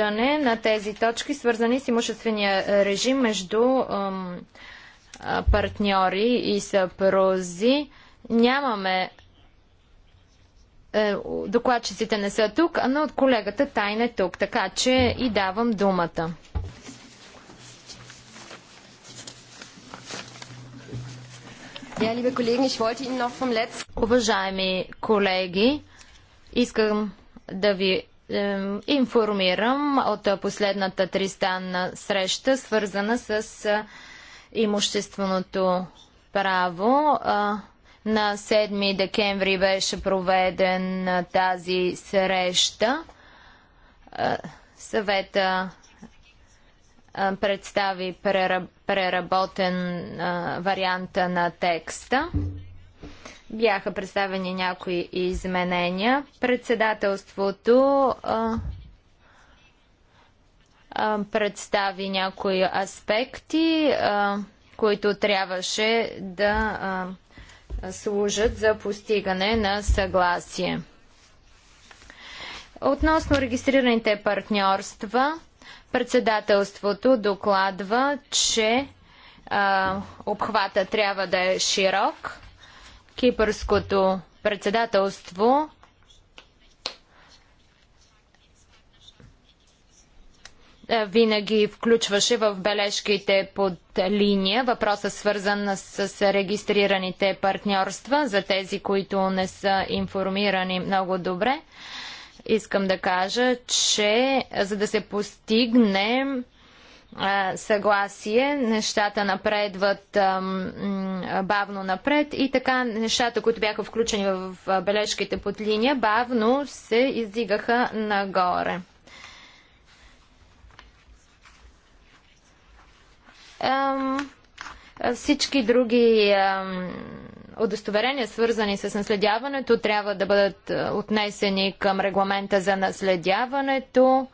обсъждане на тези точки, свързани с имуществения режим между партньори и съпрузи. Нямаме е, докладчиците не са тук, а но от колегата тайна е тук, така че и давам думата. Уважаеми колеги, искам да ви информирам от последната тристанна среща, свързана с имущественото право. На 7 декември беше проведен тази среща. Съвета представи преработен варианта на текста. Бяха представени някои изменения. Председателството а, а, представи някои аспекти, а, които трябваше да а, служат за постигане на съгласие. Относно регистрираните партньорства, председателството докладва, че а, обхвата трябва да е широк Кипърското председателство е, винаги включваше в бележките под линия въпроса свързан с регистрираните партньорства за тези, които не са информирани много добре. Искам да кажа, че за да се постигне съгласие, нещата напредват бавно напред и така нещата, които бяха включени в бележките под линия, бавно се издигаха нагоре. Всички други удостоверения, свързани с наследяването, трябва да бъдат отнесени към регламента за наследяването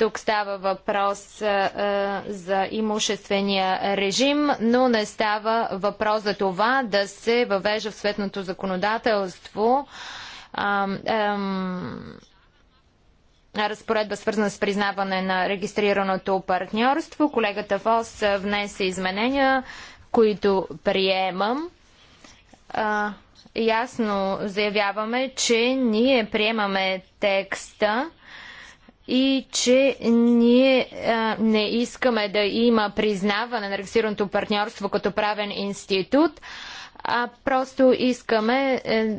тук става въпрос за имуществения режим, но не става въпрос за това да се въвежда в светното законодателство разпоредба свързана с признаване на регистрираното партньорство. Колегата Фос внесе изменения, които приемам. Ясно заявяваме, че ние приемаме текста и че ние а, не искаме да има признаване на регистрираното партньорство като правен институт, а просто искаме е,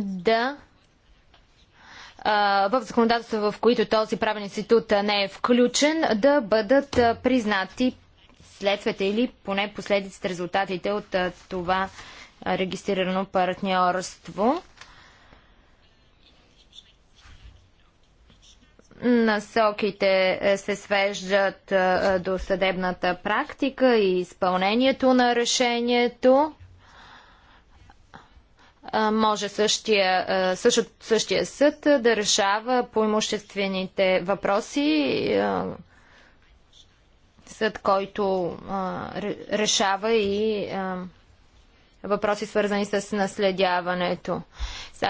да в законодателство, в които този правен институт не е включен, да бъдат признати следствията или поне последиците, резултатите от това регистрирано партньорство. Насоките е, се свеждат е, до съдебната практика и изпълнението на решението. Е, може същия, същ, същия съд да решава по имуществените въпроси, съд, който решава и въпроси свързани с наследяването.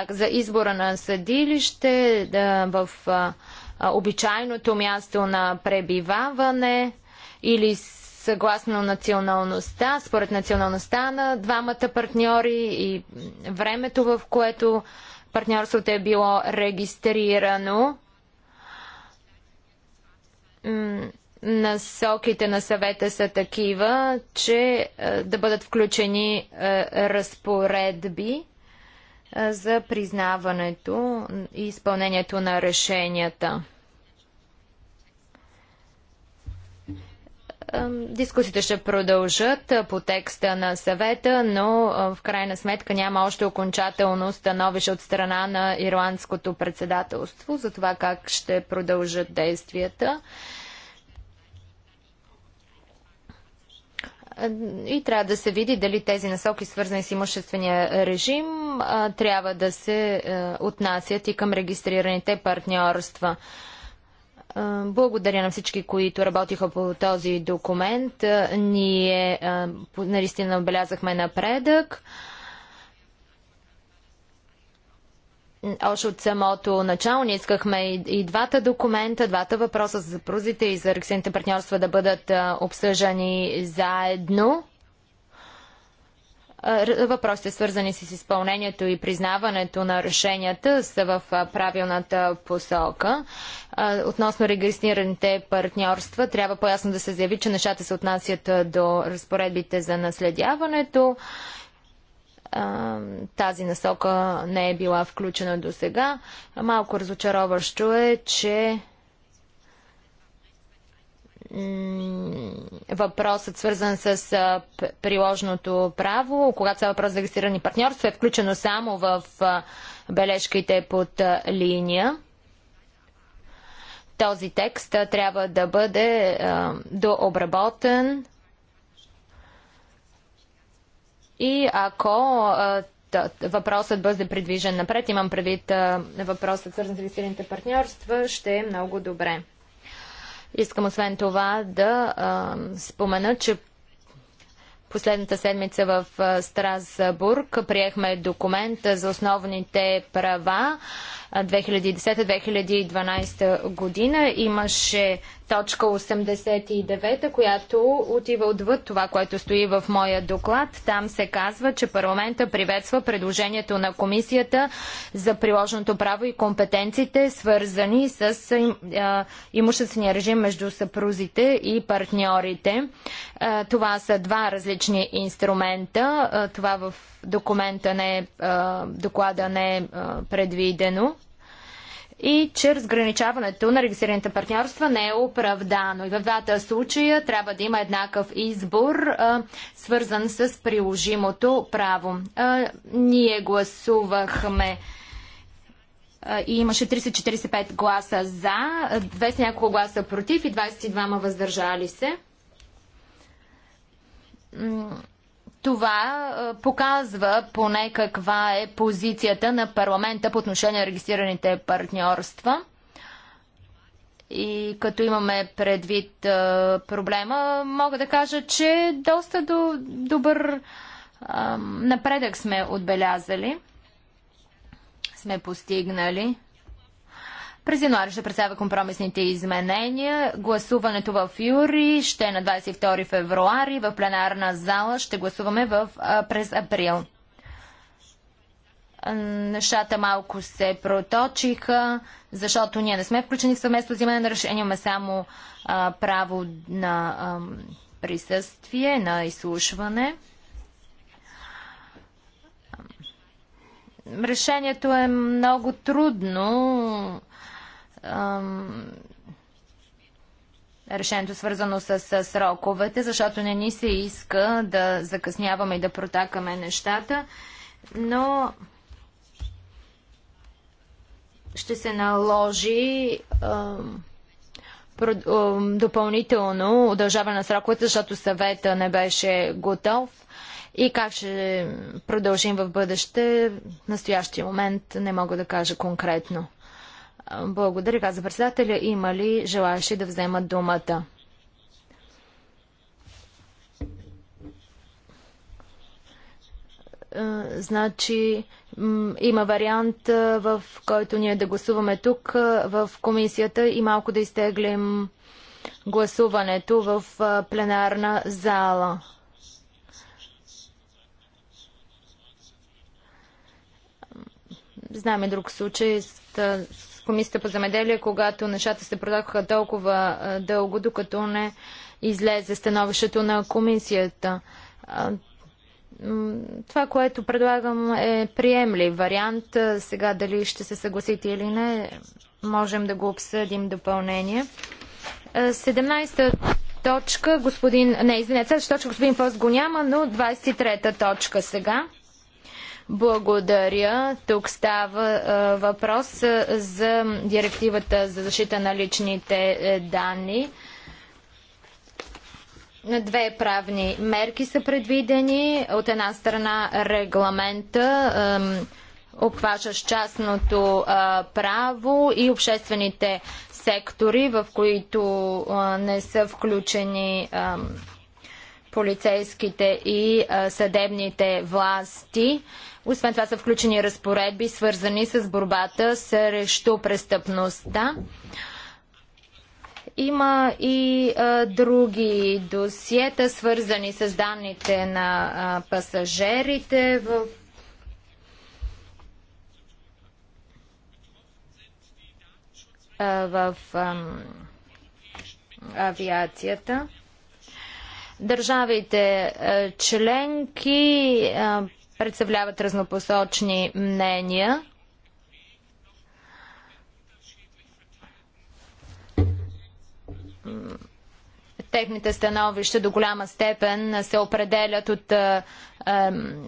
За избора на съдилище да, в обичайното място на пребиваване или съгласно националността, според националността на двамата партньори и времето, в което партньорството е било регистрирано. Насоките на съвета са такива, че да бъдат включени разпоредби за признаването и изпълнението на решенията. Дискусите ще продължат по текста на съвета, но в крайна сметка няма още окончателно становище от страна на ирландското председателство за това как ще продължат действията. И трябва да се види дали тези насоки, свързани с имуществения режим, трябва да се отнасят и към регистрираните партньорства. Благодаря на всички, които работиха по този документ. Ние наистина отбелязахме напредък. Още от самото начало ние искахме и двата документа, двата въпроса за прузите и за рексените партньорства да бъдат обсъждани заедно. Въпросите, свързани с изпълнението и признаването на решенията, са в правилната посока. Относно регистрираните партньорства, трябва по-ясно да се заяви, че нещата се отнасят до разпоредбите за наследяването. Тази насока не е била включена до сега. Малко разочароващо е, че въпросът свързан с приложното право, когато са въпрос за регистрирани партньорства, е включено само в бележките под линия. Този текст трябва да бъде дообработен и ако въпросът бъде придвижен напред, имам предвид въпросът свързан с регистрираните партньорства, ще е много добре. Искам освен това да а, спомена, че последната седмица в Страсбург приехме документ за основните права 2010-2012 година. Имаше точка 89, която отива отвъд това, което стои в моя доклад. Там се казва, че парламента приветства предложението на комисията за приложеното право и компетенциите, свързани с имуществения режим между съпрузите и партньорите. Това са два различни инструмента. Това в документа не е, доклада не е предвидено и че разграничаването на регистрираните партньорства не е оправдано. И в двата случая трябва да има еднакъв избор, а, свързан с приложимото право. А, ние гласувахме и имаше 345 гласа за, 200 няколко гласа против и 22 въздържали се това е, показва поне каква е позицията на парламента по отношение на регистрираните партньорства. И като имаме предвид е, проблема, мога да кажа, че доста до, добър е, напредък сме отбелязали, сме постигнали. През януари ще представя компромисните изменения. Гласуването в юри ще е на 22 февруари. В пленарна зала ще гласуваме в, през април. Нещата малко се проточиха, защото ние не сме включени в съвместно взимане на решение, имаме само а, право на а, присъствие, на изслушване. Решението е много трудно решението свързано с, с сроковете, защото не ни се иска да закъсняваме и да протакаме нещата, но ще се наложи а, допълнително удължаване на сроковете, защото съвета не беше готов. И как ще продължим в бъдеще, в настоящия момент не мога да кажа конкретно. Благодаря, каза председателя. Има ли желаящи да вземат думата? значи има вариант, в който ние да гласуваме тук в комисията и малко да изтеглим гласуването в пленарна зала. Знаме друг случай с Комисията по замеделие, когато нещата се продаваха толкова дълго, докато не излезе становището на комисията. Това, което предлагам е приемлив вариант. Сега дали ще се съгласите или не, можем да го обсъдим допълнение. 17-та точка, господин... Не, извинете, точка господин Фос го няма, но 23-та точка сега. Благодаря. Тук става въпрос за директивата за защита на личните е, данни. Две правни мерки са предвидени. От една страна регламента обхващащ частното а, право и обществените сектори, в които а, не са включени а, полицейските и съдебните власти. Освен това са включени разпоредби, свързани с борбата срещу престъпността. Има и а, други досиета, свързани с данните на а, пасажерите в в авиацията. Държавите членки а, представляват разнопосочни мнения. Техните становища до голяма степен се определят от е,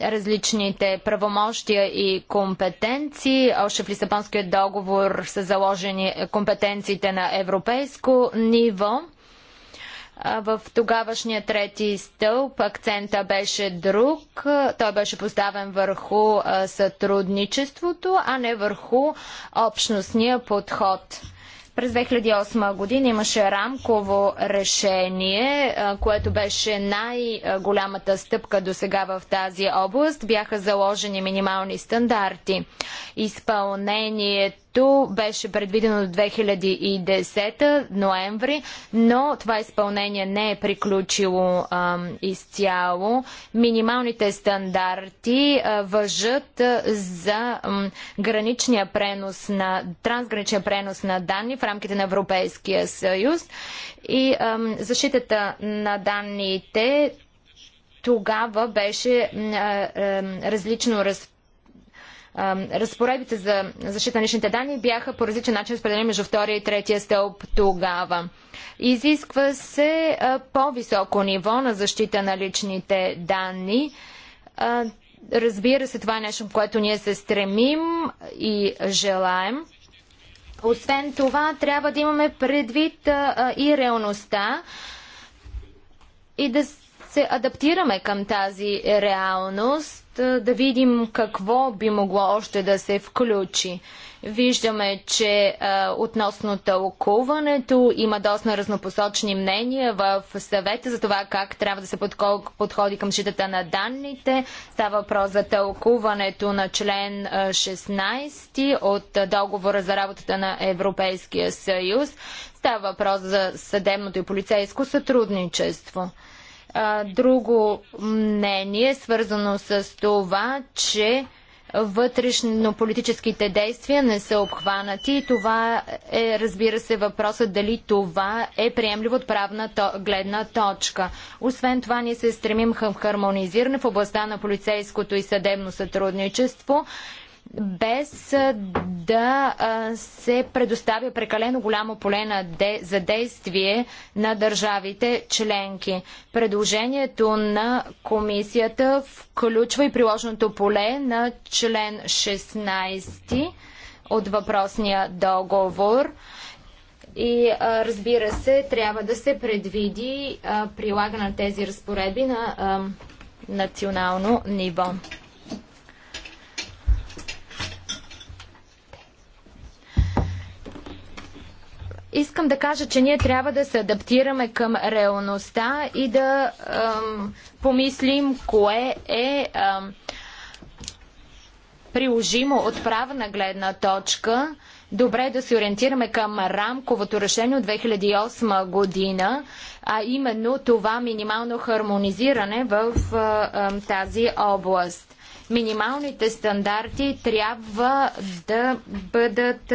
различните правомощия и компетенции. Още в Лисабонския договор са заложени компетенциите на европейско ниво. В тогавашния трети стълб акцента беше друг. Той беше поставен върху сътрудничеството, а не върху общностния подход. През 2008 година имаше рамково решение, което беше най-голямата стъпка до сега в тази област. Бяха заложени минимални стандарти. Изпълнението което беше предвидено до 2010 ноември, но това изпълнение не е приключило а, изцяло. Минималните стандарти а, въжат за а, граничния пренос на, трансграничен пренос на данни в рамките на Европейския съюз и а, защитата на данните тогава беше а, а, различно разпределена разпоредбите за защита на личните данни бяха по различен начин разпределени между втория и третия стълб тогава. Изисква се по-високо ниво на защита на личните данни. Разбира се, това е нещо, което ние се стремим и желаем. Освен това, трябва да имаме предвид и реалността и да се адаптираме към тази реалност, да видим какво би могло още да се включи. Виждаме, че а, относно тълкуването има доста разнопосочни мнения в съвета за това как трябва да се подходи към щитата на данните. Става въпрос за тълкуването на член 16 от договора за работата на Европейския съюз. Става въпрос за съдебното и полицейско сътрудничество а, друго мнение, свързано с това, че вътрешно-политическите действия не са обхванати и това е, разбира се, въпросът дали това е приемливо от правна то, гледна точка. Освен това, ние се стремим към хармонизиране в областта на полицейското и съдебно сътрудничество без да се предоставя прекалено голямо поле за действие на държавите членки. Предложението на комисията включва и приложеното поле на член 16 от въпросния договор. И разбира се, трябва да се предвиди прилага на тези разпоредби на национално ниво. Искам да кажа, че ние трябва да се адаптираме към реалността и да ам, помислим кое е ам, приложимо от правна гледна точка. Добре е да се ориентираме към рамковото решение от 2008 година, а именно това минимално хармонизиране в ам, тази област. Минималните стандарти трябва да бъдат.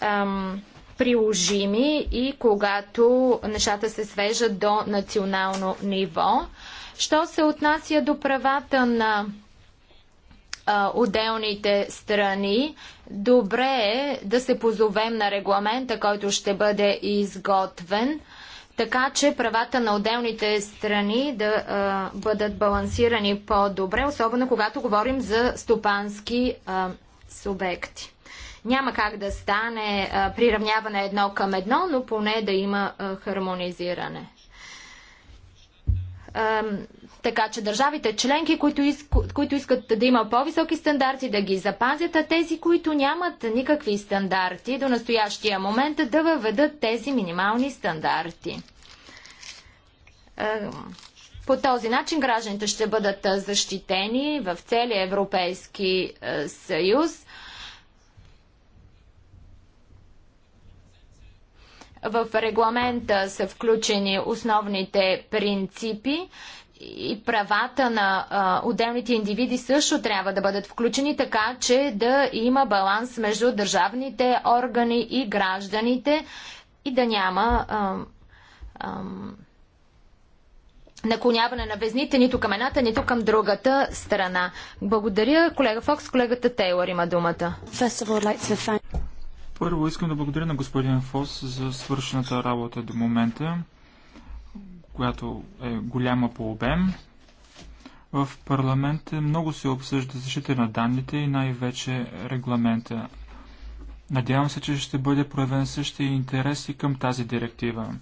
Ам, приложими и когато нещата се свежат до национално ниво. Що се отнася до правата на а, отделните страни, добре е да се позовем на регламента, който ще бъде изготвен, така че правата на отделните страни да а, бъдат балансирани по-добре, особено когато говорим за стопански а, субекти. Няма как да стане приравняване едно към едно, но поне да има хармонизиране. така че държавите членки, които, иск, които искат да има по-високи стандарти, да ги запазят, а тези, които нямат никакви стандарти до настоящия момент, да въведат тези минимални стандарти. По този начин гражданите ще бъдат защитени в целия Европейски съюз. В регламента са включени основните принципи и правата на а, отделните индивиди също трябва да бъдат включени, така че да има баланс между държавните органи и гражданите и да няма а, а, наклоняване на везните нито към едната, нито към другата страна. Благодаря, колега Фокс. Колегата Тейлор има думата. Първо искам да благодаря на господин Фос за свършената работа до момента, която е голяма по обем. В парламента много се обсъжда защита на данните и най-вече регламента. Надявам се, че ще бъде проявен същия интерес и към тази директива.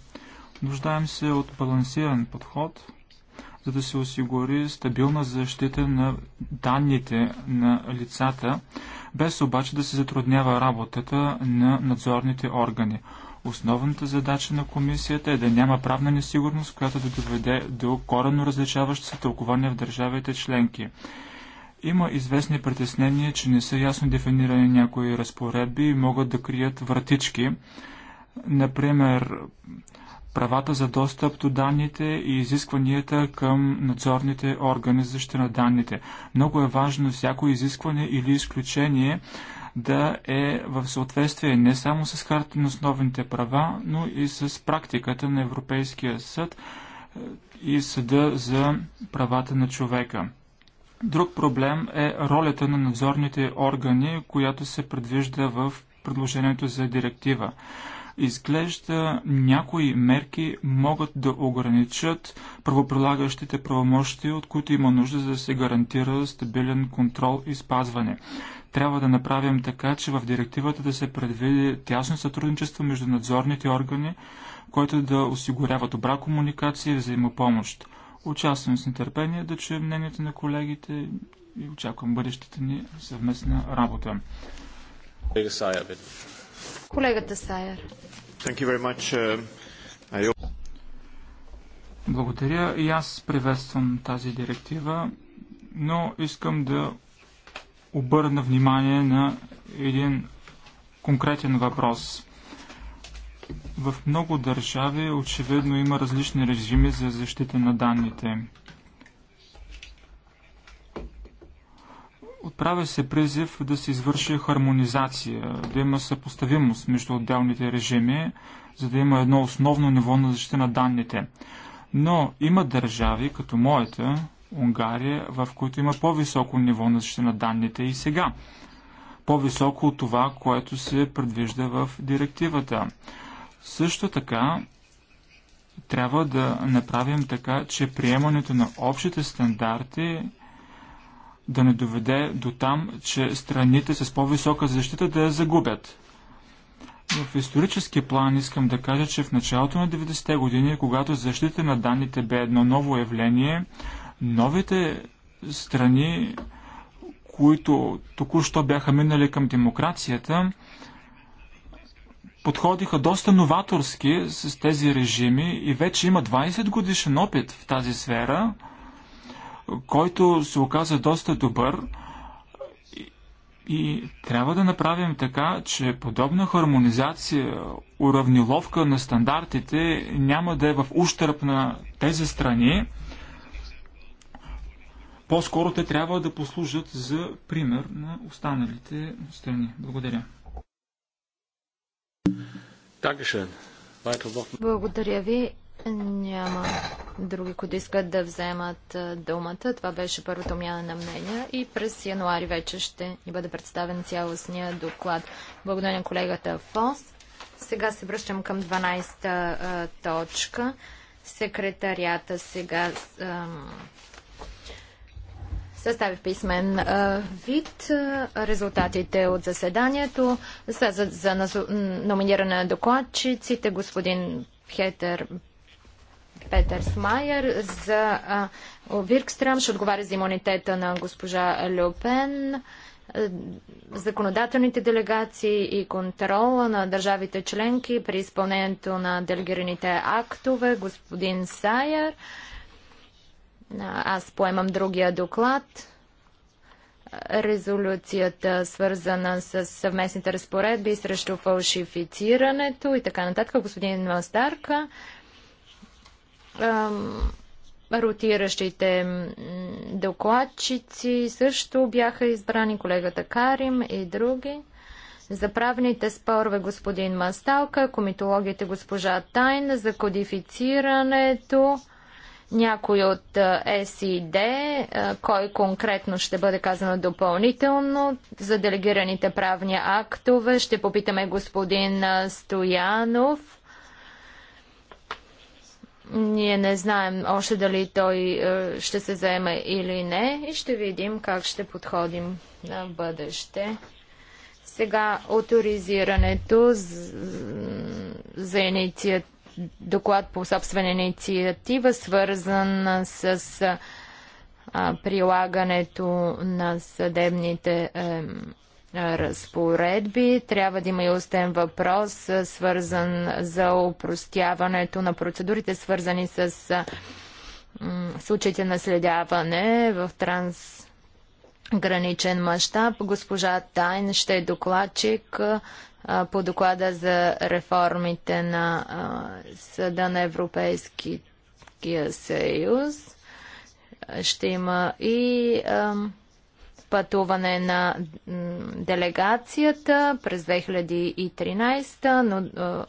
Нуждаем се от балансиран подход, за да се осигури стабилна защита на данните на лицата, без обаче да се затруднява работата на надзорните органи. Основната задача на комисията е да няма правна несигурност, която да доведе до коренно различаващи се тълкования в държавите членки. Има известни притеснения, че не са ясно дефинирани някои разпоредби и могат да крият вратички. Например, правата за достъп до данните и изискванията към надзорните органи за защита на данните. Много е важно всяко изискване или изключение да е в съответствие не само с харта на основните права, но и с практиката на Европейския съд е, и съда за правата на човека. Друг проблем е ролята на надзорните органи, която се предвижда в предложението за директива. Изглежда някои мерки могат да ограничат правоприлагащите правомощи, от които има нужда за да се гарантира стабилен контрол и спазване. Трябва да направим така, че в директивата да се предвиди тясно сътрудничество между надзорните органи, което да осигурява добра комуникация и взаимопомощ. Участвам с нетърпение да чуем мнението на колегите и очаквам бъдещата ни съвместна работа. Колегата Сайер. Uh, Благодаря и аз приветствам тази директива, но искам да обърна внимание на един конкретен въпрос. В много държави очевидно има различни режими за защита на данните. Отправя се призив да се извърши хармонизация, да има съпоставимост между отделните режими, за да има едно основно ниво на защита на данните. Но има държави, като моята, Унгария, в които има по-високо ниво на защита на данните и сега. По-високо от това, което се предвижда в директивата. Също така, трябва да направим така, че приемането на общите стандарти да не доведе до там, че страните с по-висока защита да я загубят. В исторически план искам да кажа, че в началото на 90-те години, когато защита на данните бе едно ново явление, новите страни, които току-що бяха минали към демокрацията, подходиха доста новаторски с тези режими и вече има 20 годишен опит в тази сфера – който се оказа доста добър и, и трябва да направим така, че подобна хармонизация, уравниловка на стандартите няма да е в ущърп на тези страни. По-скоро те трябва да послужат за пример на останалите страни. Благодаря. Благодаря ви. Няма други, които искат да вземат думата. Това беше първата мяна на мнения и през януари вече ще ни бъде представен цялостния доклад. Благодаря на колегата Фос. Сега се връщам към 12-та точка. Секретарията сега ам, състави писмен вид резултатите от заседанието за, за, за номиниране на докладчиците господин Хетер Петър Смайер, за Виркстрам ще отговаря за имунитета на госпожа Люпен, законодателните делегации и контрола на държавите членки при изпълнението на делегираните актове, господин Сайер. Аз поемам другия доклад резолюцията, свързана с съвместните разпоредби срещу фалшифицирането и така нататък. Господин Мастарка, ротиращите докладчици също бяха избрани колегата Карим и други. За правните спорове господин Масталка, комитологите госпожа Тайна, за кодифицирането някой от СИД, кой конкретно ще бъде казано допълнително. За делегираните правни актове ще попитаме господин Стоянов ние не знаем още дали той е, ще се заеме или не и ще видим как ще подходим на бъдеще. Сега авторизирането за, за доклад по собствена инициатива, свързан с а, прилагането на съдебните е, разпоредби. Трябва да има и устен въпрос, свързан за упростяването на процедурите, свързани с случаите на следяване в транс граничен мащаб. Госпожа Тайн ще е докладчик по доклада за реформите на Съда на Европейския съюз. Ще има и ам, пътуване на делегацията през 2013, но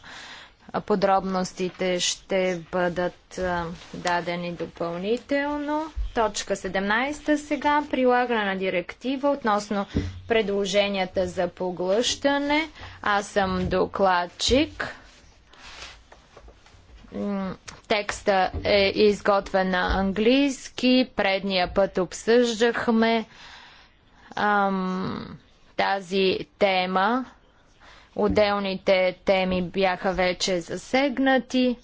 подробностите ще бъдат дадени допълнително. Точка 17 сега. Прилагане на директива относно предложенията за поглъщане. Аз съм докладчик. Текста е изготвен на английски. Предния път обсъждахме ам, тази тема. Отделните теми бяха вече засегнати.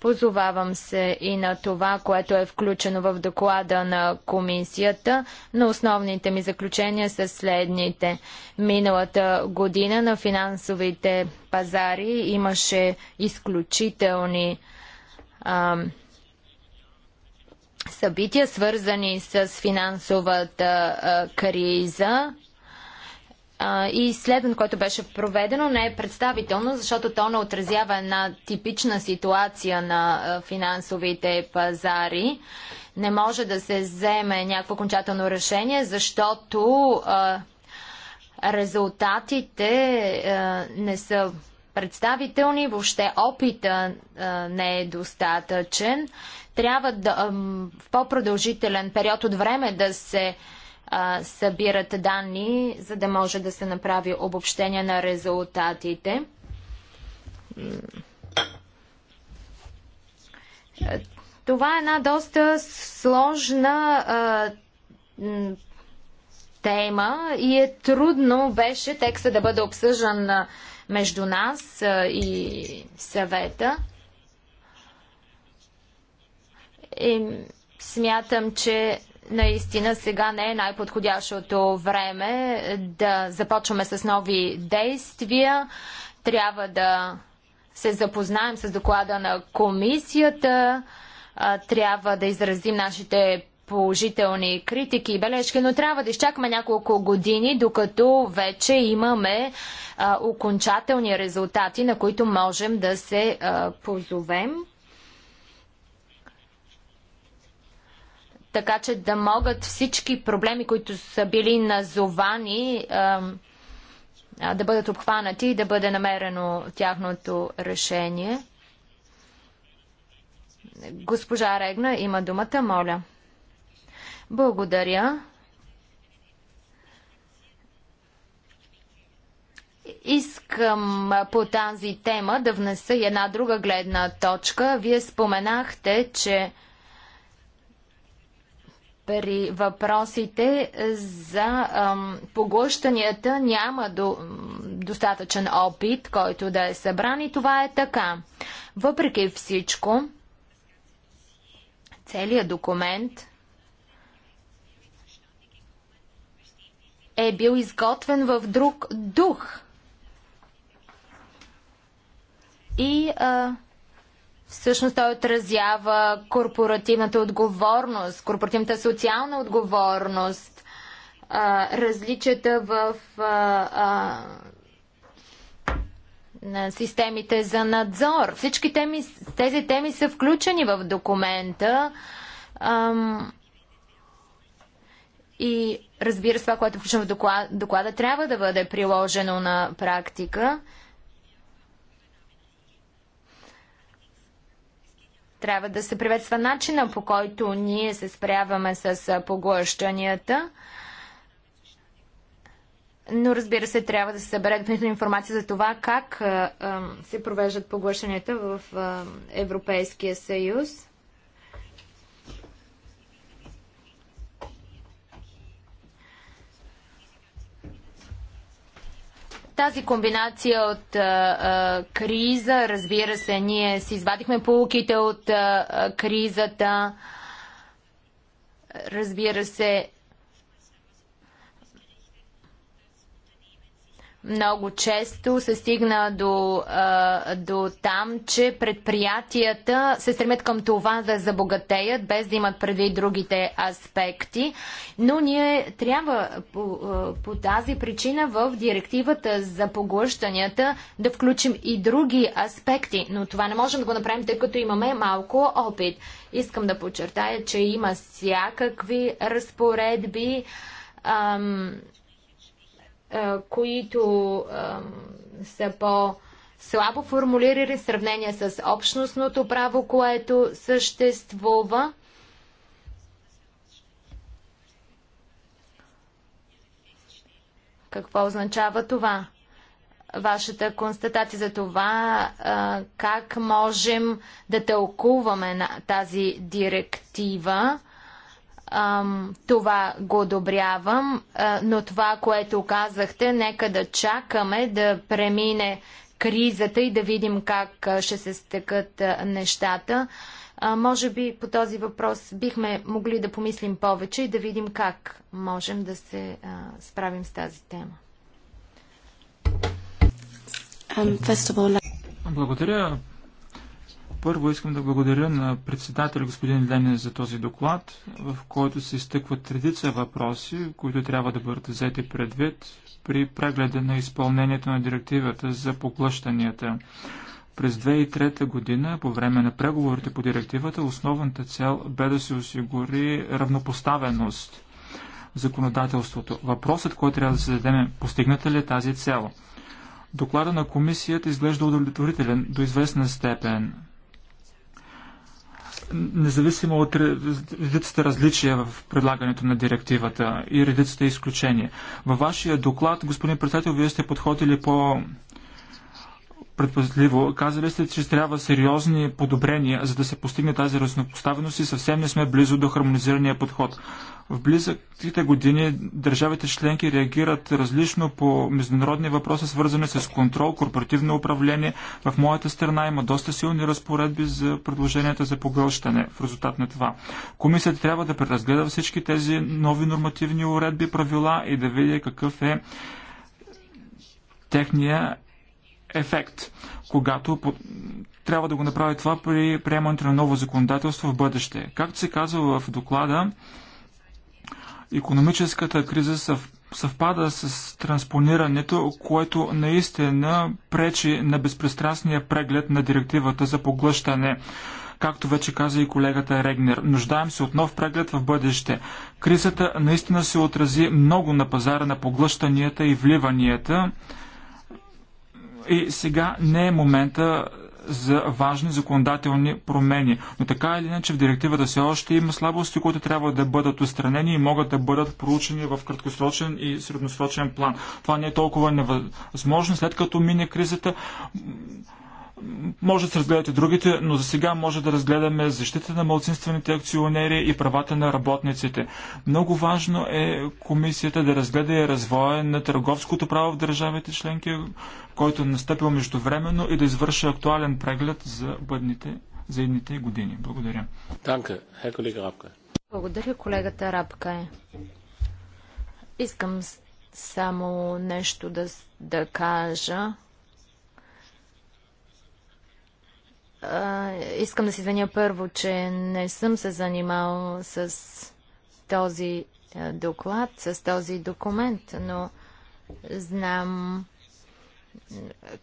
Позовавам се и на това, което е включено в доклада на комисията, но основните ми заключения са следните. Миналата година на финансовите пазари имаше изключителни ам, събития, свързани с финансовата криза. и следното, което беше проведено, не е представително, защото то не отразява една типична ситуация на финансовите пазари. Не може да се вземе някакво окончателно решение, защото резултатите не са представителни, въобще опита а, не е достатъчен. Трябва да, а, в по-продължителен период от време да се а, събират данни, за да може да се направи обобщение на резултатите. Това е една доста сложна а, тема и е трудно беше текста да бъде обсъждан между нас и съвета. И смятам, че наистина сега не е най-подходящото време да започваме с нови действия. Трябва да се запознаем с доклада на комисията, трябва да изразим нашите положителни критики и бележки, но трябва да изчакаме няколко години, докато вече имаме а, окончателни резултати, на които можем да се а, позовем. Така че да могат всички проблеми, които са били назовани, а, да бъдат обхванати и да бъде намерено тяхното решение. Госпожа Регна има думата, моля. Благодаря. Искам по тази тема да внеса една друга гледна точка. Вие споменахте, че при въпросите за ам, поглъщанията няма до, достатъчен опит, който да е събран и това е така. Въпреки всичко, целият документ е бил изготвен в друг дух. И а, всъщност той отразява корпоративната отговорност, корпоративната социална отговорност, а, различията в а, а, на системите за надзор. Всички теми, тези теми са включени в документа. Ам, и разбира се, това, което включим в доклада, доклада, трябва да бъде приложено на практика. Трябва да се приветства начина по който ние се спряваме с поглъщанията. Но разбира се, трябва да се събере допълнителна информация за това как а, а, се провеждат поглъщанията в а, Европейския съюз. Тази комбинация от а, а, криза, разбира се, ние си извадихме полуките от а, а, кризата. Разбира се, Много често се стигна до, до там, че предприятията се стремят към това да забогатеят, без да имат преди другите аспекти. Но ние трябва по, по тази причина в директивата за поглъщанията да включим и други аспекти. Но това не можем да го направим, тъй като имаме малко опит. Искам да подчертая, че има всякакви разпоредби. Ам, които са по- слабо формулирани в сравнение с общностното право, което съществува. Какво означава това? Вашата констатация за това как можем да тълкуваме на тази директива Ам, това го одобрявам, но това, което казахте, нека да чакаме да премине кризата и да видим как ще се стъкат нещата. А, може би по този въпрос бихме могли да помислим повече и да видим как можем да се а, справим с тази тема. Um, Благодаря. Първо искам да благодаря на председателя господин Ленин за този доклад, в който се изтъкват редица въпроси, които трябва да бъдат взети предвид при прегледа на изпълнението на директивата за поглъщанията. През 2003 година, по време на преговорите по директивата, основната цел бе да се осигури равнопоставеност в законодателството. Въпросът, който трябва да се зададем е, постигната ли е тази цел? Доклада на комисията изглежда удовлетворителен до известна степен независимо от редицата различия в предлагането на директивата и редицата изключения. Във вашия доклад, господин председател, вие сте подходили по предпазливо. Казали сте, че трябва сериозни подобрения, за да се постигне тази разнопоставеност и съвсем не сме близо до хармонизирания подход. В близките години държавите членки реагират различно по международни въпроси, свързани с контрол, корпоративно управление. В моята страна има доста силни разпоредби за предложенията за погълщане в резултат на това. Комисията трябва да преразгледа всички тези нови нормативни уредби, правила и да види какъв е техния ефект, когато по... трябва да го направи това при приемането на ново законодателство в бъдеще. Както се казва в доклада, Економическата криза съв, съвпада с транспонирането, което наистина пречи на безпристрастния преглед на директивата за поглъщане. Както вече каза и колегата Регнер, нуждаем се от нов преглед в бъдеще. Кризата наистина се отрази много на пазара на поглъщанията и вливанията. И сега не е момента за важни законодателни промени. Но така или иначе в директивата все още има слабости, които трябва да бъдат устранени и могат да бъдат проучени в краткосрочен и средносрочен план. Това не е толкова невъзможно, след като мине кризата може да се разгледат и другите, но за сега може да разгледаме защита на малцинствените акционери и правата на работниците. Много важно е комисията да разгледа и развоя на търговското право в държавите членки, който е настъпил междувременно и да извърши актуален преглед за бъдните за едните години. Благодаря. Танка, е колега Рапка. Благодаря, колегата Рапка. Искам само нещо да, да кажа. искам да си извиня първо, че не съм се занимал с този доклад, с този документ, но знам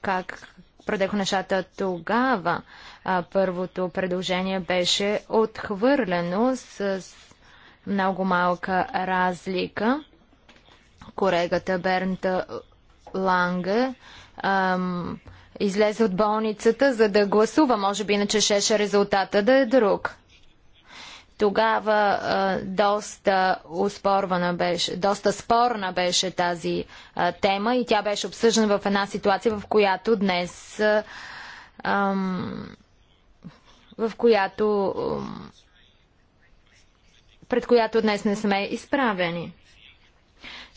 как продеха нещата тогава. Първото предложение беше отхвърлено с много малка разлика. Корегата Бернта Ланге ам, излезе от болницата, за да гласува. Може би иначе щеше резултата да е друг. Тогава а, доста, успорвана беше, доста спорна беше тази а, тема и тя беше обсъждана в една ситуация, в която днес а, ам, в която ам, пред която днес не сме изправени.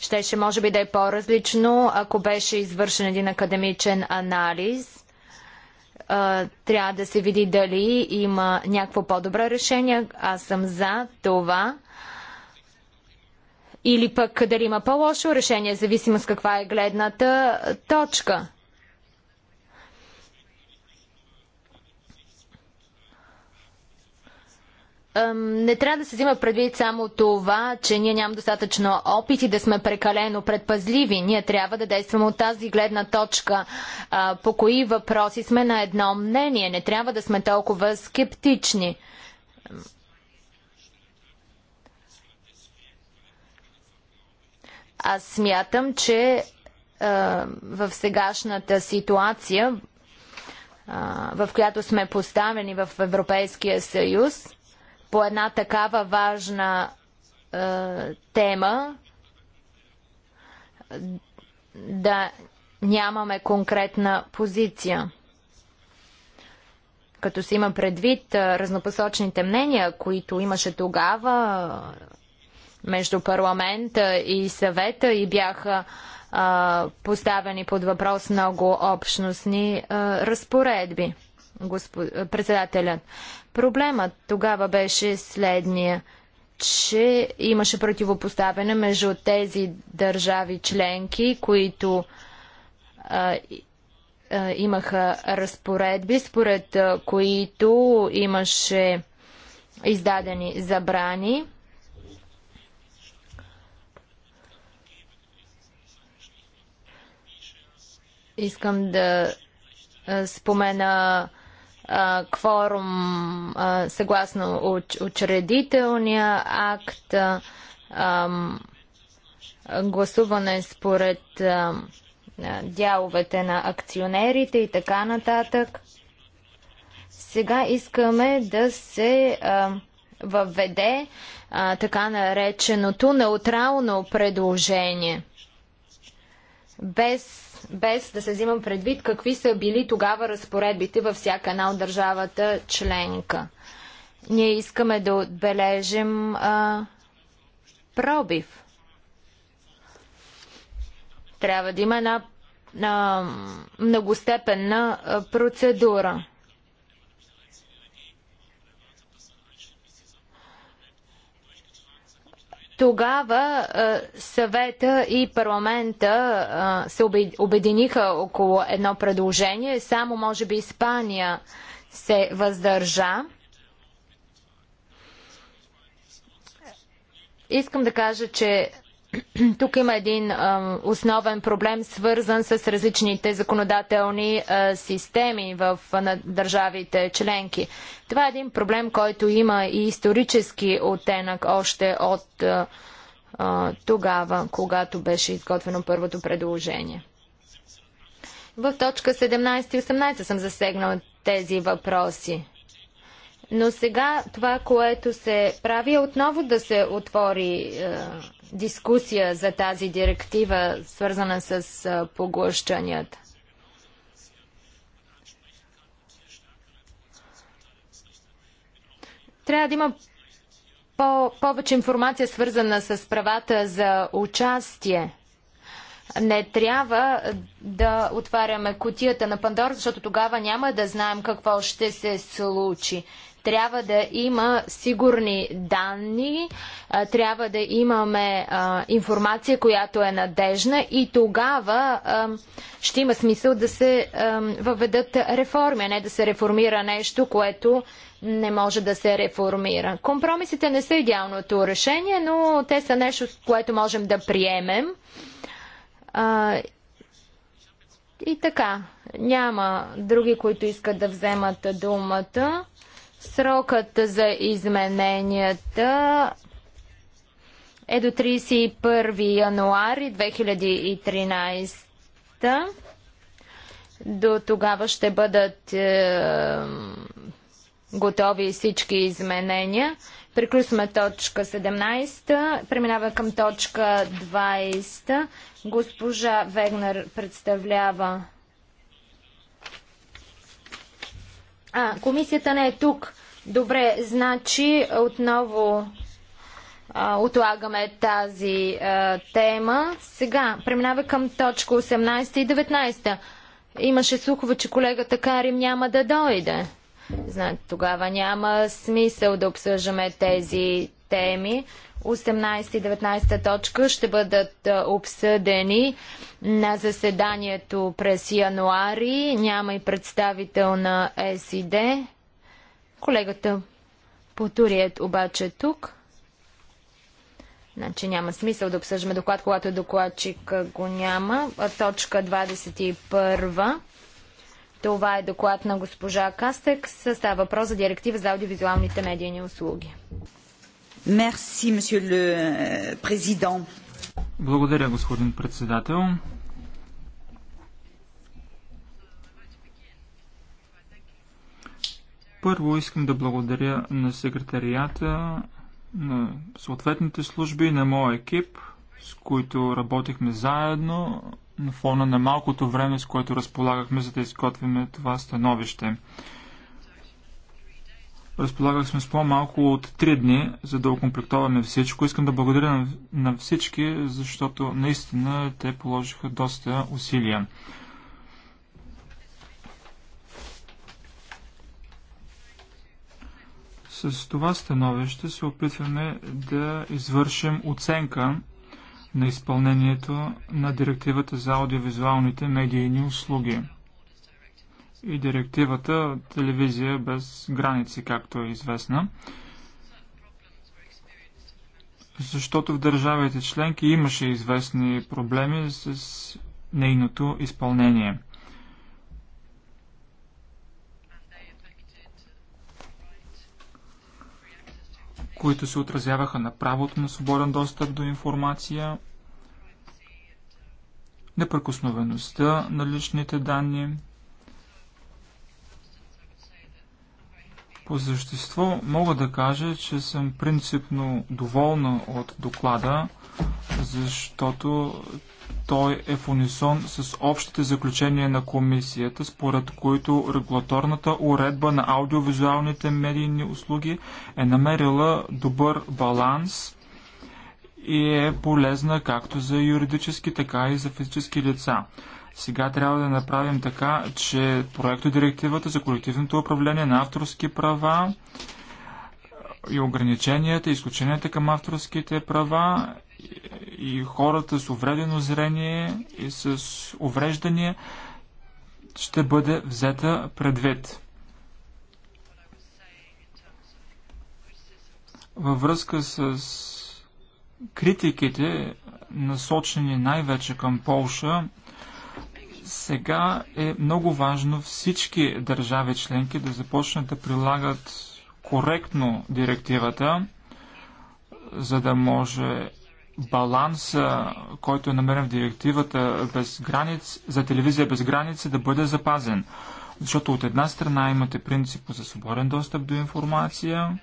Щеше може би да е по-различно, ако беше извършен един академичен анализ. Трябва да се види дали има някакво по-добро решение. Аз съм за това. Или пък дали има по-лошо решение, зависимо с каква е гледната точка. не трябва да се взима предвид само това, че ние нямам достатъчно опит и да сме прекалено предпазливи. Ние трябва да действаме от тази гледна точка, по кои въпроси сме на едно мнение. Не трябва да сме толкова скептични. Аз смятам, че в сегашната ситуация, в която сме поставени в Европейския съюз, по една такава важна е, тема да нямаме конкретна позиция. Като се има предвид е, разнопосочните мнения, които имаше тогава е, между парламента и съвета и бяха а, е, поставени под въпрос много общностни а, разпоредби, госпо... председателят. Проблемът тогава беше следния, че имаше противопоставяне между тези държави членки, които а, а, имаха разпоредби, според а, които имаше издадени забрани. Искам да спомена кворум съгласно учредителния акт, гласуване според дяловете на акционерите и така нататък. Сега искаме да се въведе така нареченото неутрално предложение. Без без да се взимам предвид какви са били тогава разпоредбите във всяка една от държавата членка. Ние искаме да отбележим а, пробив. Трябва да има една а, многостепенна процедура. Тогава съвета и парламента се обединиха около едно предложение. Само, може би, Испания се въздържа. Искам да кажа, че тук има един основен проблем, свързан с различните законодателни системи в държавите членки. Това е един проблем, който има и исторически оттенък още от тогава, когато беше изготвено първото предложение. В точка 17 и 18 съм засегнал тези въпроси. Но сега това, което се прави, е отново да се отвори е, дискусия за тази директива, свързана с поглъщанията. Трябва да има по- повече информация, свързана с правата за участие. Не трябва да отваряме котията на Пандор, защото тогава няма да знаем какво ще се случи. Трябва да има сигурни данни, трябва да имаме информация, която е надежна и тогава ще има смисъл да се въведат реформи, а не да се реформира нещо, което не може да се реформира. Компромисите не са идеалното решение, но те са нещо, което можем да приемем. и така, няма други, които искат да вземат думата. Срокът за измененията е до 31 януари 2013. До тогава ще бъдат е, готови всички изменения. Приключваме точка 17. Преминава към точка 20. Госпожа Вегнер представлява А, комисията не е тук. Добре, значи отново а, отлагаме тази а, тема. Сега преминава към точка 18 и 19. Имаше слухове, че колегата Карим няма да дойде. Знаете, тогава няма смисъл да обсъждаме тези теми. 18 и 19 точка ще бъдат обсъдени на заседанието през януари. Няма и представител на СИД. Колегата Потурият обаче е тук. Значи няма смисъл да обсъждаме доклад, когато докладчик го няма. Точка 21. Това е доклад на госпожа Кастек. Става въпрос за директива за аудиовизуалните медийни услуги. Merci, monsieur le euh, président. Благодаря, господин председател. Първо искам да благодаря на секретарията, на съответните служби, на моя екип, с които работихме заедно на фона на малкото време, с което разполагахме, за да изготвим това становище. Разполагахме с по-малко от 3 дни, за да окомплектоваме всичко. Искам да благодаря на всички, защото наистина те положиха доста усилия. С това становище се опитваме да извършим оценка на изпълнението на директивата за аудиовизуалните медийни услуги и директивата Телевизия без граници, както е известна. Защото в държавите членки имаше известни проблеми с нейното изпълнение. които се отразяваха на правото на свободен достъп до информация, непрекосновеността на личните данни, По същество мога да кажа, че съм принципно доволна от доклада, защото той е в унисон с общите заключения на комисията, според които регулаторната уредба на аудиовизуалните медийни услуги е намерила добър баланс и е полезна както за юридически, така и за физически лица. Сега трябва да направим така, че проекто директивата за колективното управление на авторски права и ограниченията, изключенията към авторските права и хората с увредено зрение и с увреждания ще бъде взета предвид. Във връзка с критиките, насочени най-вече към Полша, сега е много важно всички държави членки да започнат да прилагат коректно директивата, за да може баланса, който е намерен в директивата без границ, за телевизия без граници да бъде запазен. Защото от една страна имате принцип за свободен достъп до информация,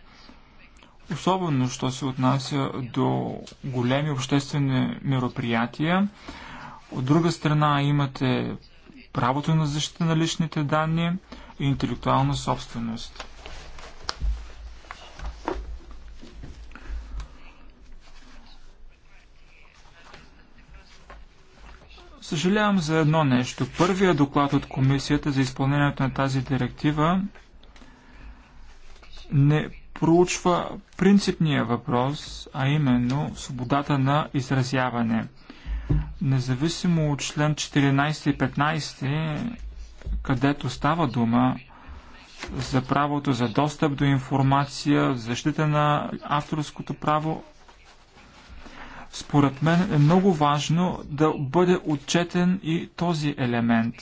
особено що се отнася до големи обществени мероприятия, от друга страна имате правото на защита на личните данни и интелектуална собственост. Съжалявам за едно нещо. Първия доклад от комисията за изпълнението на тази директива не проучва принципния въпрос, а именно свободата на изразяване – Независимо от член 14 и 15, където става дума за правото за достъп до информация, защита на авторското право, според мен е много важно да бъде отчетен и този елемент.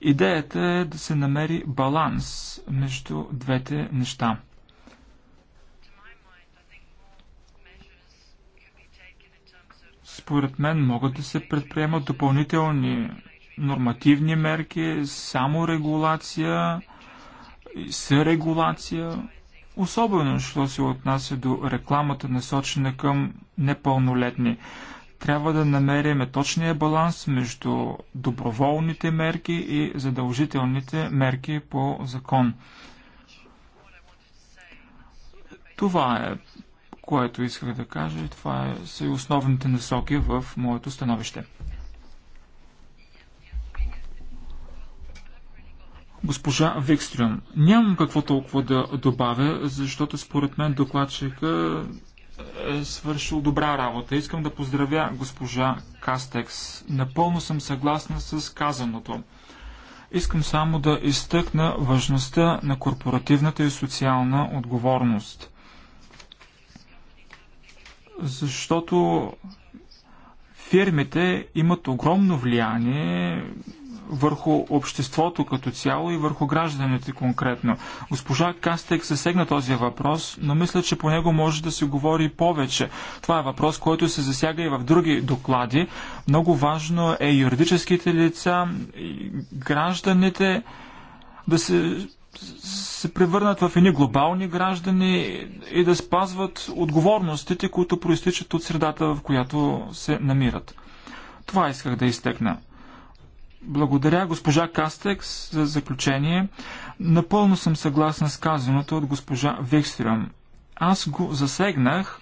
Идеята е да се намери баланс между двете неща. Според мен могат да се предприемат допълнителни нормативни мерки, само регулация, сърегулация, особено, що се отнася до рекламата насочена към непълнолетни. Трябва да намерим точния баланс между доброволните мерки и задължителните мерки по закон. Това е което исках да кажа. Това е- са и основните насоки в моето становище. Госпожа Викстрюм, нямам какво толкова да добавя, защото според мен докладчика е свършил добра работа. Искам да поздравя госпожа Кастекс. Напълно съм съгласна с казаното. Искам само да изтъкна важността на корпоративната и социална отговорност – защото фирмите имат огромно влияние върху обществото като цяло и върху гражданите конкретно. Госпожа Кастек засегна този въпрос, но мисля, че по него може да се говори повече. Това е въпрос, който се засяга и в други доклади. Много важно е юридическите лица, гражданите да се се превърнат в едни глобални граждани и да спазват отговорностите, които проистичат от средата, в която се намират. Това исках да изтекна. Благодаря госпожа Кастекс за заключение. Напълно съм съгласна с казаното от госпожа Викстрюм. Аз го засегнах,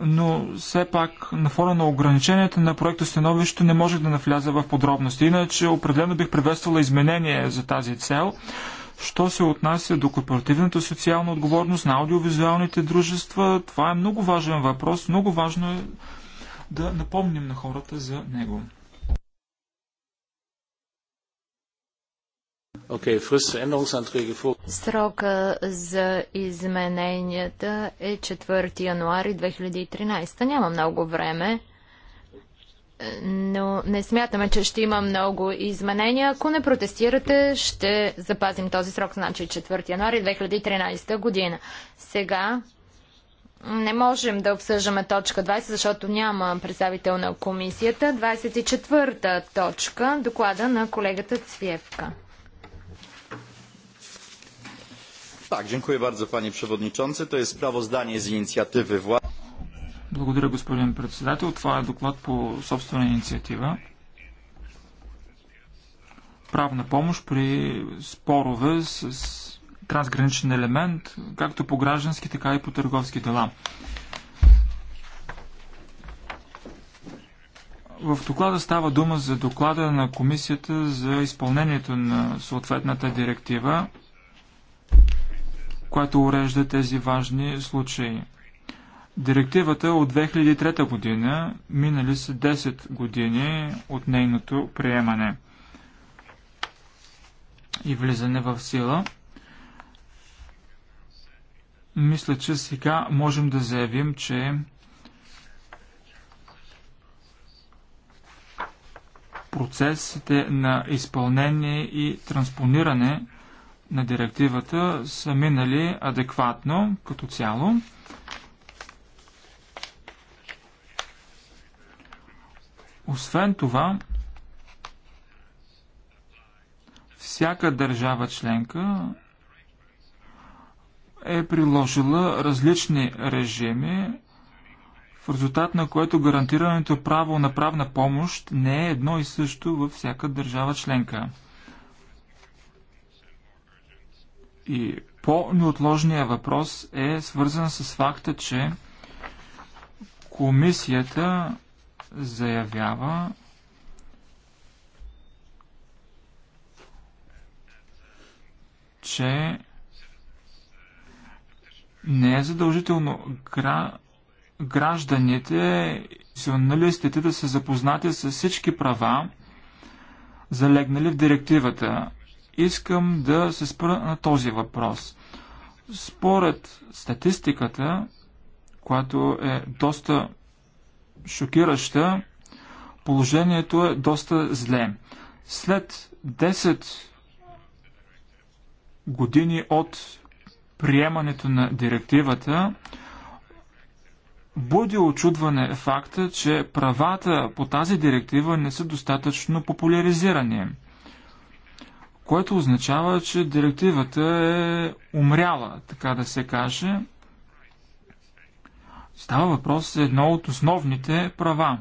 но все пак на фона на ограниченията на проекта становището не може да навляза в подробности. Иначе определено бих приветствала изменение за тази цел. Що се отнася до корпоративната социална отговорност на аудиовизуалните дружества, това е много важен въпрос. Много важно е да напомним на хората за него. Okay, frist für Änderungsanträge vor. Срока за измененията е 4 януари 2013. Няма много време, но не смятаме, че ще има много изменения. Ако не протестирате, ще запазим този срок, значи 4 януари 2013 година. Сега не можем да обсъждаме точка 20, защото няма представител на комисията. 24 точка, доклада на колегата Цвевка. Tak, dziękuję bardzo panie przewodniczący. To jest sprawozdanie z inicjatywy władz. Благодаря, господин председател. Това е доклад по собствена инициатива. Правна помощ при спорове с трансграничен елемент, както по граждански, така и по търговски дела. В доклада става дума за доклада на Комисията за изпълнението на съответната директива която урежда тези важни случаи. Директивата от 2003 година, минали са 10 години от нейното приемане и влизане в сила. Мисля, че сега можем да заявим, че процесите на изпълнение и транспониране на директивата са минали адекватно като цяло. Освен това, всяка държава членка е приложила различни режими, в резултат на което гарантирането право на правна помощ не е едно и също във всяка държава членка. И по-неотложният въпрос е свързан с факта, че комисията заявява, че не е задължително гра... гражданите, националистите да са запознати с всички права, залегнали в директивата Искам да се спра на този въпрос. Според статистиката, която е доста шокираща, положението е доста зле. След 10 години от приемането на директивата, буди очудване факта, че правата по тази директива не са достатъчно популяризирани което означава, че директивата е умряла, така да се каже. Става въпрос за едно от основните права.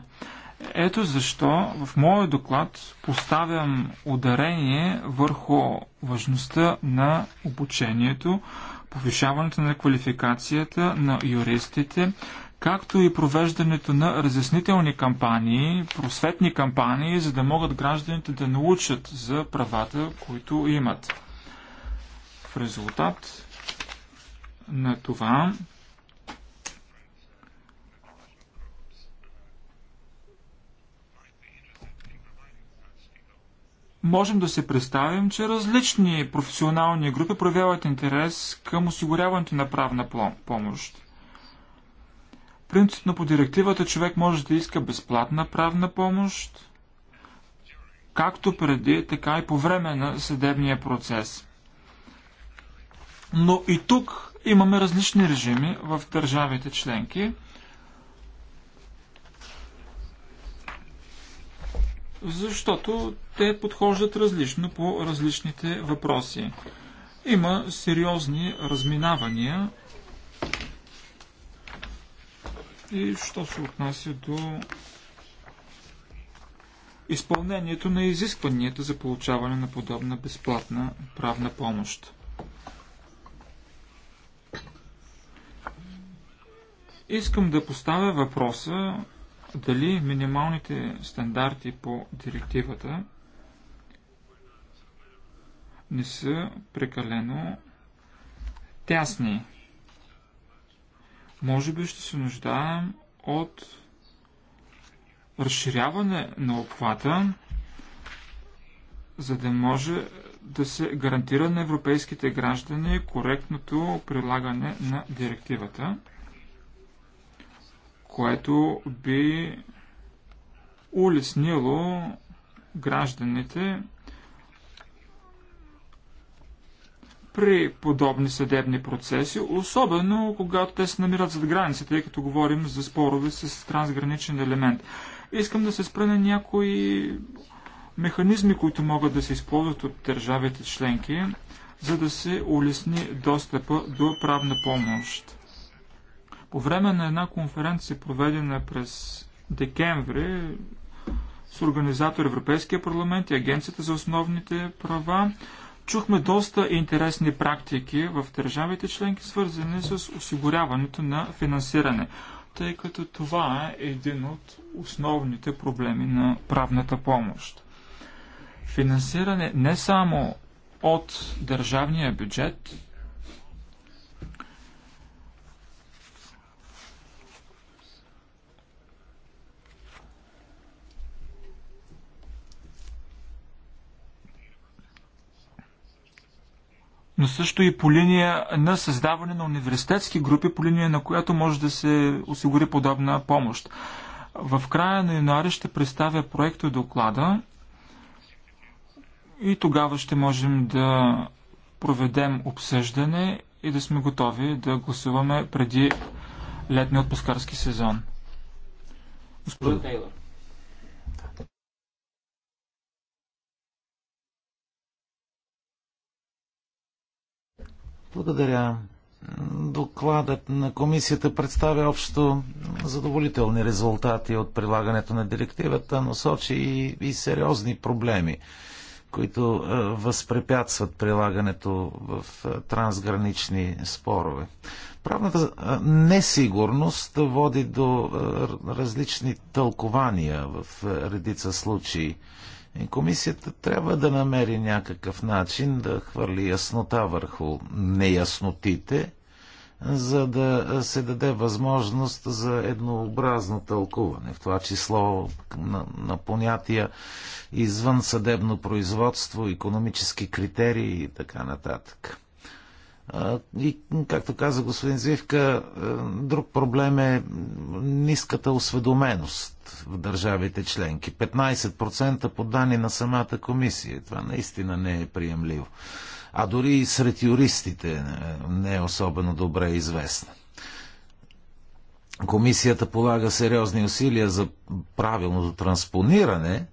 Ето защо в моят доклад поставям ударение върху важността на обучението, повишаването на квалификацията на юристите, както и провеждането на разяснителни кампании, просветни кампании, за да могат гражданите да научат за правата, които имат. В резултат на това можем да се представим, че различни професионални групи проявяват интерес към осигуряването на правна помощ. Принципно по директивата човек може да иска безплатна правна помощ, както преди, така и по време на съдебния процес. Но и тук имаме различни режими в държавите членки. защото те подхождат различно по различните въпроси. Има сериозни разминавания И що се отнася до изпълнението на изискванията за получаване на подобна безплатна правна помощ. Искам да поставя въпроса дали минималните стандарти по директивата не са прекалено тясни. Може би ще се нуждаем от разширяване на обхвата, за да може да се гарантира на европейските граждани коректното прилагане на директивата, което би улеснило гражданите при подобни съдебни процеси, особено когато те се намират зад граница, тъй като говорим за спорове с трансграничен елемент. Искам да се спра на някои механизми, които могат да се използват от държавите членки, за да се улесни достъпа до правна помощ. По време на една конференция, проведена през декември с организатор Европейския парламент и Агенцията за основните права, Чухме доста интересни практики в държавите членки, свързани с осигуряването на финансиране, тъй като това е един от основните проблеми на правната помощ. Финансиране не само от държавния бюджет, но също и по линия на създаване на университетски групи, по линия на която може да се осигури подобна помощ. В края на януари ще представя и доклада и тогава ще можем да проведем обсъждане и да сме готови да гласуваме преди летния отпускарски сезон. Господин Тейлор. Благодаря. Докладът на комисията представя общо задоволителни резултати от прилагането на директивата, но сочи и, и сериозни проблеми, които е, възпрепятстват прилагането в е, трансгранични спорове. Правната е, несигурност води до е, различни тълкования в е, редица случаи. И комисията трябва да намери някакъв начин да хвърли яснота върху неяснотите, за да се даде възможност за еднообразно тълкуване, в това число на, на понятия извън съдебно производство, економически критерии и така нататък. И, както каза господин Зивка, е, друг проблем е ниската осведоменост в държавите членки. 15% по данни на самата комисия. Това наистина не е приемливо. А дори и сред юристите е, не е особено добре известна. Комисията полага сериозни усилия за правилното транспониране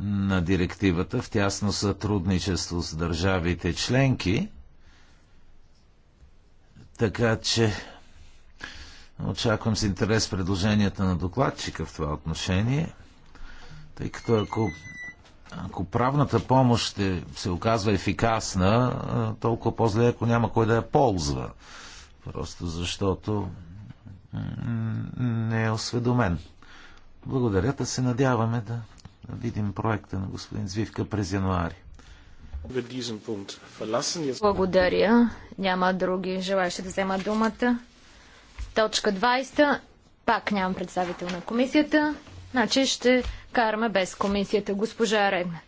на директивата в тясно сътрудничество с държавите членки така че очаквам с интерес предложенията на докладчика в това отношение, тъй като ако, ако правната помощ ще се оказва ефикасна, толкова по-зле, ако няма кой да я ползва. Просто защото не е осведомен. Благодаря, да се надяваме да видим проекта на господин Звивка през януари. Благодаря. Няма други желаящи да взема думата. Точка 20. Пак нямам представител на комисията. Значи ще караме без комисията. Госпожа Регна.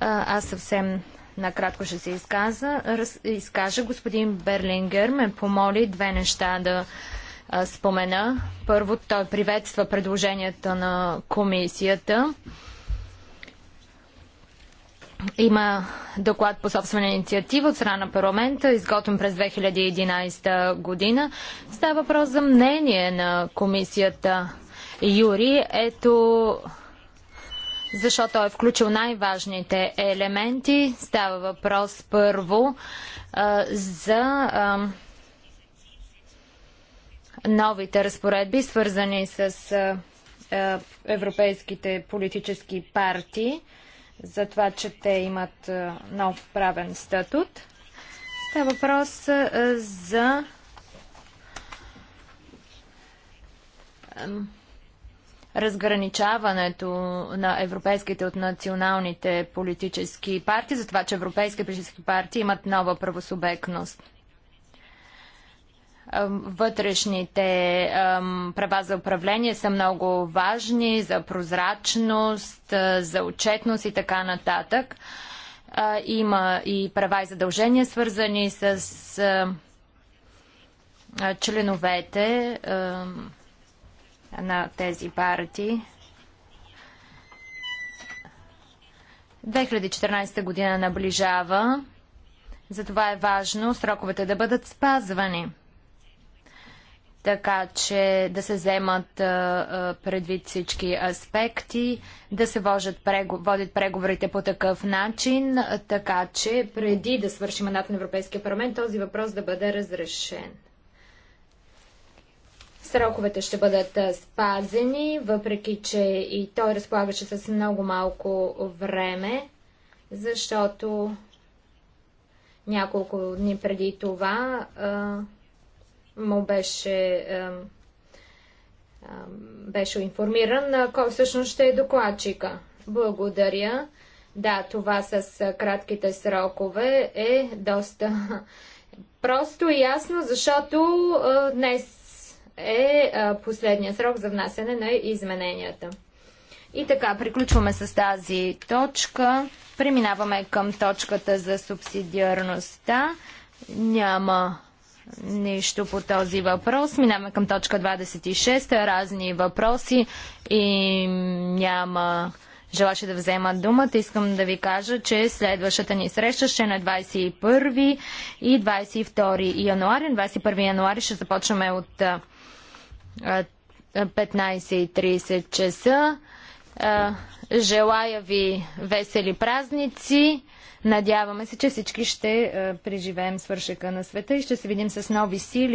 Аз съвсем накратко ще се изказа. Раз, изкажа. Господин Берлингер ме помоли две неща да а, спомена. Първо, той приветства предложенията на комисията. Има доклад по собствена инициатива от страна на парламента, изготвен през 2011 година. Става въпрос за мнение на комисията Юри. Ето защото той е включил най-важните елементи. Става въпрос първо а, за а, новите разпоредби, свързани с а, европейските политически партии за това, че те имат нов правен статут. Та въпрос за разграничаването на европейските от националните политически партии, за това, че европейски политически партии имат нова правосубектност. Вътрешните права за управление са много важни за прозрачност, за отчетност и така нататък. Има и права и задължения, свързани с членовете на тези партии. 2014 година наближава, затова е важно сроковете да бъдат спазвани така че да се вземат предвид всички аспекти, да се вожат водят преговорите по такъв начин, така че преди да свърши мандат на Европейския парламент, този въпрос да бъде разрешен. Сроковете ще бъдат спазени, въпреки че и той разполагаше с много малко време, защото няколко дни преди това му беше, беше информиран, кой всъщност ще е докладчика. Благодаря. Да, това с кратките срокове е доста просто и ясно, защото е, днес е, е последния срок за внасяне на измененията. И така, приключваме с тази точка. Преминаваме към точката за субсидиарността. Няма нищо по този въпрос. Минаваме към точка 26. Разни въпроси и няма желаше да взема думата. Искам да ви кажа, че следващата ни среща ще е на 21 и 22 януари. На 21 януари ще започваме от 15.30 часа. Желая ви весели празници Надяваме се, че всички ще е, преживеем свършека на света и ще се видим с нови сили.